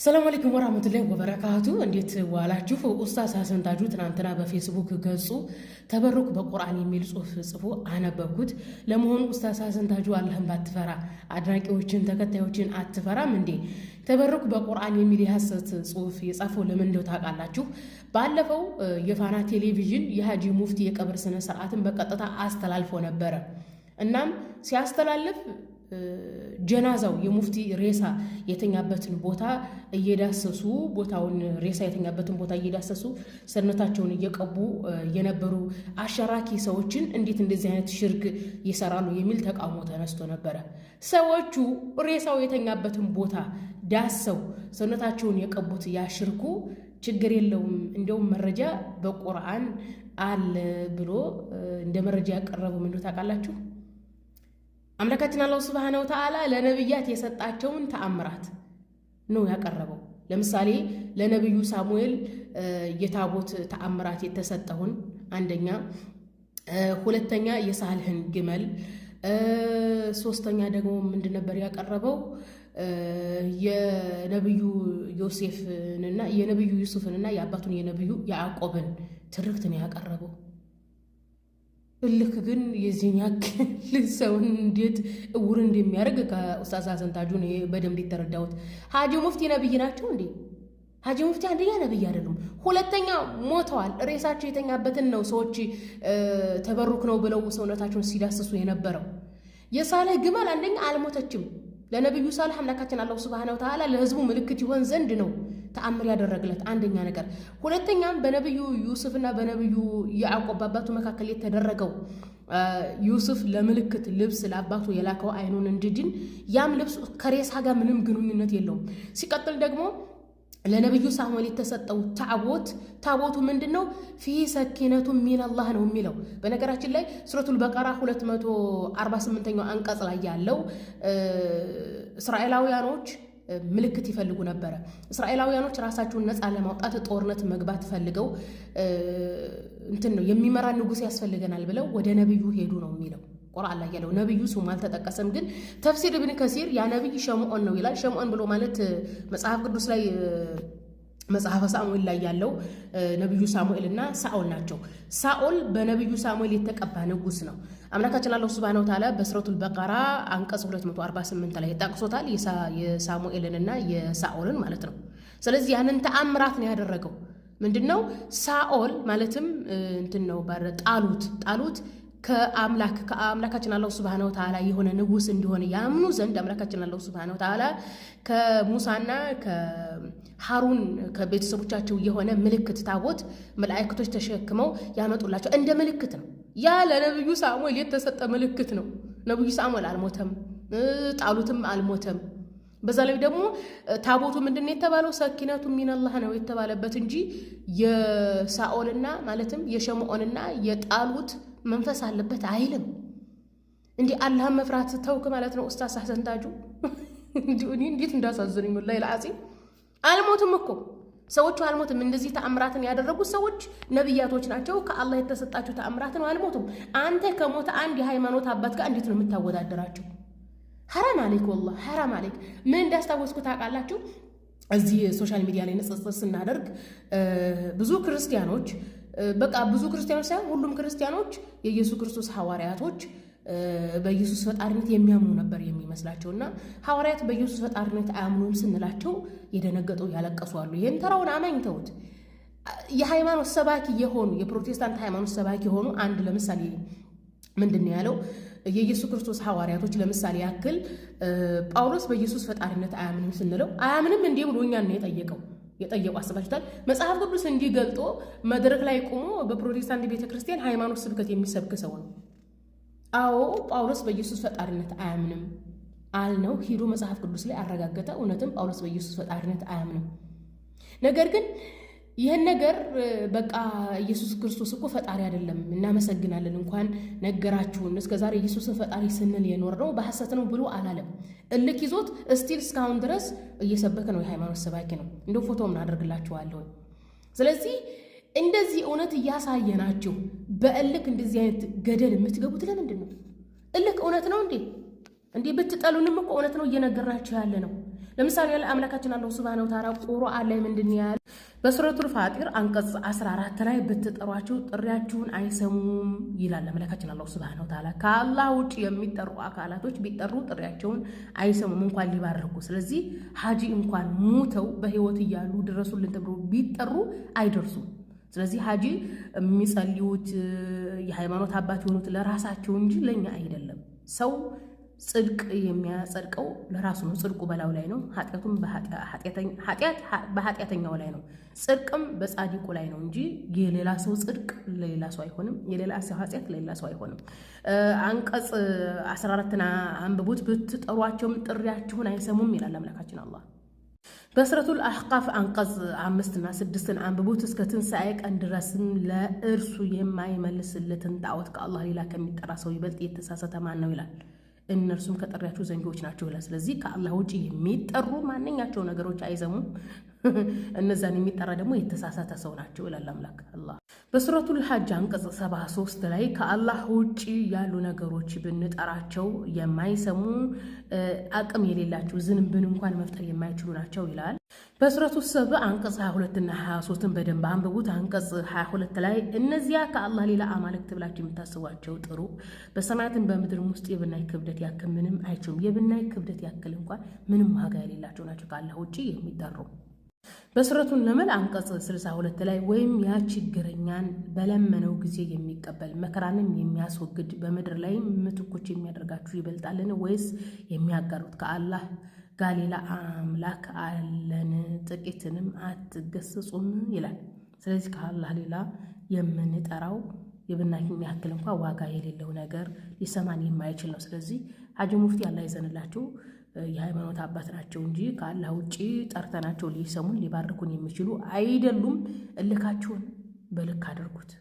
ሰላም አለይኩም ወራህመቱላሂ ወበረካቱ። እንዴት ዋላችሁ? ኡስታዝ ሀሰን ታጁ ትናንትና በፌስቡክ ገጹ ተበሩክ በቁርአን የሚል ጽሁፍ ጽፎ አነበብኩት። ለመሆኑ ኡስታዝ ሀሰን ታጁ አላህን ባትፈራ አድናቂዎችን ተከታዮችን አትፈራም እንዴ? ተበሩክ በቁርአን የሚል የሐሰት ጽሁፍ የጻፈው ለምን እንደው ታውቃላችሁ? ባለፈው የፋና ቴሌቪዥን የሀጂ ሙፍቲ የቀብር ስነ ስርዓትን በቀጥታ አስተላልፎ ነበረ። እናም ሲያስተላልፍ ጀናዛው የሙፍቲ ሬሳ የተኛበትን ቦታ እየዳሰሱ ቦታውን ሬሳ የተኛበትን ቦታ እየዳሰሱ ሰውነታቸውን እየቀቡ የነበሩ አሸራኪ ሰዎችን እንዴት እንደዚህ አይነት ሽርክ ይሰራሉ የሚል ተቃውሞ ተነስቶ ነበረ። ሰዎቹ ሬሳው የተኛበትን ቦታ ዳሰው ሰውነታቸውን የቀቡት ያሽርኩ ችግር የለውም እንደውም መረጃ በቁርአን አለ ብሎ እንደ መረጃ ያቀረቡ ምንዱ ታውቃላችሁ? አምላካችን አላሁ ስብሓነ ወተዓላ ለነቢያት የሰጣቸውን ተአምራት ነው ያቀረበው። ለምሳሌ ለነቢዩ ሳሙኤል የታቦት ተአምራት የተሰጠውን አንደኛ፣ ሁለተኛ የሳልህን ግመል፣ ሶስተኛ ደግሞ ምንድን ነበር ያቀረበው? የነብዩ ዮሴፍንና የነብዩ ዩሱፍንና የአባቱን የነብዩ ያዕቆብን ትርክትን ያቀረበው እልክ ግን የዚህን ያክል ሰውን እንዴት እውር እንደሚያደርግ ከኡስታዝ ሀሰን ታጁ በደንብ የተረዳሁት። ሀጂ ሙፍቲ ነብይ ናቸው እንዴ? ሀጂ ሙፍቲ አንደኛ ነብይ አይደሉም፣ ሁለተኛ ሞተዋል። ሬሳቸው የተኛበትን ነው ሰዎች ተበሩክ ነው ብለው ሰውነታቸውን ሲዳስሱ የነበረው። የሳለ ግመል አንደኛ አልሞተችም። ለነቢዩ ሳልህ አምላካችን አላሁ ስብሐነሁ ወተዓላ ለህዝቡ ምልክት ይሆን ዘንድ ነው ተአምር ያደረግለት አንደኛ ነገር። ሁለተኛም በነቢዩ ዩሱፍና በነቢዩ ያዕቆብ በአባቱ መካከል የተደረገው ዩሱፍ ለምልክት ልብስ ለአባቱ የላከው አይኑን እንዲድን፣ ያም ልብስ ከሬሳ ጋር ምንም ግንኙነት የለውም። ሲቀጥል ደግሞ ለነቢዩ ሳሙኤል የተሰጠው ታቦት ታቦቱ ምንድን ነው? ፊ ሰኪነቱ ሚነላህ ነው የሚለው። በነገራችን ላይ ሱረቱል በቀራ 248ኛው አንቀጽ ላይ ያለው እስራኤላውያኖች ምልክት ይፈልጉ ነበረ። እስራኤላውያኖች ራሳቸውን ነፃ ለማውጣት ጦርነት መግባት ፈልገው እንትን ነው የሚመራ ንጉሥ ያስፈልገናል ብለው ወደ ነቢዩ ሄዱ ነው የሚለው ቁርአን ላይ ያለው ነብዩ ስሙ አልተጠቀሰም። ግን ተፍሲር ኢብን ከሲር ያ ነብይ ሸምዖን ነው ይላል። ሸምዖን ብሎ ማለት መጽሐፍ ቅዱስ ላይ መጽሐፈ ሳሙኤል ላይ ያለው ነቢዩ ሳሙኤል እና ሳኦል ናቸው። ሳኦል በነቢዩ ሳሙኤል የተቀባ ንጉስ ነው። አምላካችን አላሁ ስብሃነ ወተዓላ በሱረቱል በቀራ አንቀጽ 248 ላይ ጠቅሶታል፣ የሳሙኤልንና የሳኦልን ማለት ነው። ስለዚህ ያንን ተአምራት ነው ያደረገው። ምንድን ነው ሳኦል ማለትም እንትን ነው ጣሉት ጣሉት ከአምላክ ከአምላካችን አላሁ ስብሃነ ወተዓላ የሆነ ንጉስ እንደሆነ ያምኑ ዘንድ አምላካችን አላሁ ስብሃነ ወተዓላ ከሙሳና ከሃሩን ከቤተሰቦቻቸው የሆነ ምልክት ታቦት መላእክቶች ተሸክመው ያመጡላቸው እንደ ምልክት ነው። ያ ለነብዩ ሳሙኤል የተሰጠ ምልክት ነው። ነብዩ ሳሙኤል አልሞተም፣ ጣሉትም አልሞተም። በዛ ላይ ደግሞ ታቦቱ ምንድን ነው የተባለው? ሰኪነቱ ሚነላህ ነው የተባለበት እንጂ የሳኦልና ማለትም የሸምዖንና የጣሉት መንፈስ አለበት አይልም። እንዲህ አላህን መፍራት ተውክ ማለት ነው። ኡስታዝ አሰንታጁ ታጁ እንዴት እንዳሳዝኑኝ ወላሂ ለአጺ አልሞትም እኮ ሰዎቹ አልሞትም። እንደዚህ ተአምራትን ያደረጉት ሰዎች ነብያቶች ናቸው። ከአላህ የተሰጣቸው ተአምራት ነው። አልሞትም። አንተ ከሞተ አንድ የሃይማኖት አባት ጋር እንዴት ነው የምታወዳደራቸው? ሐራም አለይክ ወላሂ ሐራም አለይክ። ምን እንዳስታወስኩ ታውቃላችሁ? እዚህ ሶሻል ሚዲያ ላይ ንጽጽር ስናደርግ ብዙ ክርስቲያኖች በቃ ብዙ ክርስቲያኖች ሳይሆን ሁሉም ክርስቲያኖች የኢየሱስ ክርስቶስ ሐዋርያቶች በኢየሱስ ፈጣሪነት የሚያምኑ ነበር የሚመስላቸው እና ሐዋርያት በኢየሱስ ፈጣሪነት አያምኑም ስንላቸው የደነገጡ ያለቀሱ አሉ። ይህን ተራውን አማኝተውት የሃይማኖት ሰባኪ የሆኑ የፕሮቴስታንት ሃይማኖት ሰባኪ የሆኑ አንድ ለምሳሌ ምንድን ነው ያለው የኢየሱስ ክርስቶስ ሐዋርያቶች ለምሳሌ ያክል ጳውሎስ በኢየሱስ ፈጣሪነት አያምንም ስንለው አያምንም እንዲህ ብሎ እኛን ነው የጠየቀው የጠየቁ አስባችሁታል። መጽሐፍ ቅዱስ እንዲህ ገልጦ መድረክ ላይ ቆሞ በፕሮቴስታንት ቤተ ክርስቲያን ሃይማኖት ስብከት የሚሰብክ ሰው ነው። አዎ ጳውሎስ በኢየሱስ ፈጣሪነት አያምንም አልነው። ሂዶ መጽሐፍ ቅዱስ ላይ አረጋገጠ። እውነትም ጳውሎስ በኢየሱስ ፈጣሪነት አያምንም። ነገር ግን ይህን ነገር በቃ ኢየሱስ ክርስቶስ እኮ ፈጣሪ አይደለም፣ እናመሰግናለን፣ እንኳን ነገራችሁን። እስከ ዛሬ ኢየሱስን ፈጣሪ ስንል የኖር ነው በሐሰት ነው ብሎ አላለም። እልክ ይዞት እስቲል እስካሁን ድረስ እየሰበከ ነው። የሃይማኖት ሰባኪ ነው። እንደ ፎቶ ምናደርግላችኋለሁ። ስለዚህ እንደዚህ እውነት እያሳየናችሁ በእልክ እንደዚህ አይነት ገደል የምትገቡት ለምንድን ነው? እልክ እውነት ነው እንዴ? እንዲህ ብትጠሉንም እኮ እውነት ነው እየነገርናችሁ ያለ ነው። ለምሳሌ ያለ አምላካችን አላሁ ሱብሃነሁ ወተዓላ ቁርአን ላይ ምንድን ያለ በሱረቱል ፋጢር አንቀጽ 14 ላይ ብትጠሯቸው ጥሪያችሁን አይሰሙም ይላል አምላካችን አላሁ ሱብሃነሁ ወተዓላ። ከአላህ ውጭ የሚጠሩ አካላቶች ቢጠሩ ጥሪያቸውን አይሰሙም እንኳን ሊባርኩ። ስለዚህ ሀጂ እንኳን ሙተው በህይወት እያሉ ድረሱልን ተብሎ ቢጠሩ አይደርሱም። ስለዚህ ሀጂ የሚጸልዩት የሃይማኖት አባት የሆኑት ለራሳቸው እንጂ ለእኛ አይደለም ሰው ጽድቅ የሚያጸድቀው ለራሱ ነው። ጽድቁ በላው ላይ ነው። ኃጢአቱም በኃጢአተኛው ላይ ነው። ጽድቅም በጻዲቁ ላይ ነው እንጂ የሌላ ሰው ጽድቅ ለሌላ ሰው አይሆንም። የሌላ ሰው ኃጢአት ለሌላ ሰው አይሆንም። አንቀጽ 14ን አንብቡት። ብትጠሯቸውም ጥሪያችሁን አይሰሙም ይላል አምላካችን አላህ። በሱረቱል አሕቃፍ አንቀጽ አምስትና ስድስትን አንብቡት። እስከ ትንሣኤ ቀን ድረስም ለእርሱ የማይመልስለትን ጣዖት ከአላህ ሌላ ከሚጠራ ሰው ይበልጥ የተሳሳተ ማን ነው ይላል። እነርሱም ከጠሪያቸው ዘንጊዎች ናቸው ይላል። ስለዚህ ከአላህ ውጭ የሚጠሩ ማንኛቸው ነገሮች አይዘሙ። እነዛን የሚጠራ ደግሞ የተሳሳተ ሰው ናቸው ይላል አምላክ አላህ በሱረቱል ሐጅ አንቀጽ 73 ላይ ከአላህ ውጭ ያሉ ነገሮች ብንጠራቸው የማይሰሙ አቅም የሌላቸው ዝንብን እንኳን መፍጠር የማይችሉ ናቸው ይላል። በሱረቱ ሰብ አንቀጽ 22 እና 23ን በደንብ አንብቡት። አንቀጽ 22 ላይ እነዚያ ከአላህ ሌላ አማልክት ብላችሁ የምታስቧቸው ጥሩ በሰማያትን በምድርም ውስጥ የብናይ ክብደት ያክል ምንም አይችሉም። የብናይ ክብደት ያክል እንኳን ምንም ዋጋ የሌላቸው ናቸው ከአላህ ውጭ የሚጠሩ መሰረቱን ለመል አንቀጽ 62 ላይ ወይም ያ ችግረኛን በለመነው ጊዜ የሚቀበል መከራንም የሚያስወግድ በምድር ላይ ምትኮች የሚያደርጋችሁ ይበልጣልን? ወይስ የሚያጋሩት ከአላህ ጋር ሌላ አምላክ አለን? ጥቂትንም አትገስጹም ይላል። ስለዚህ ከአላህ ሌላ የምንጠራው የብናኝ ያክል እንኳ ዋጋ የሌለው ነገር ሊሰማን የማይችል ነው። ስለዚህ ሀጂ ሙፍቲ አላህ ይዘንላችሁ። የሃይማኖት አባት ናቸው እንጂ ከአላህ ውጭ ጠርተናቸው ሊሰሙን ሊባርኩን የሚችሉ አይደሉም። እልካችሁን በልክ አድርጉት።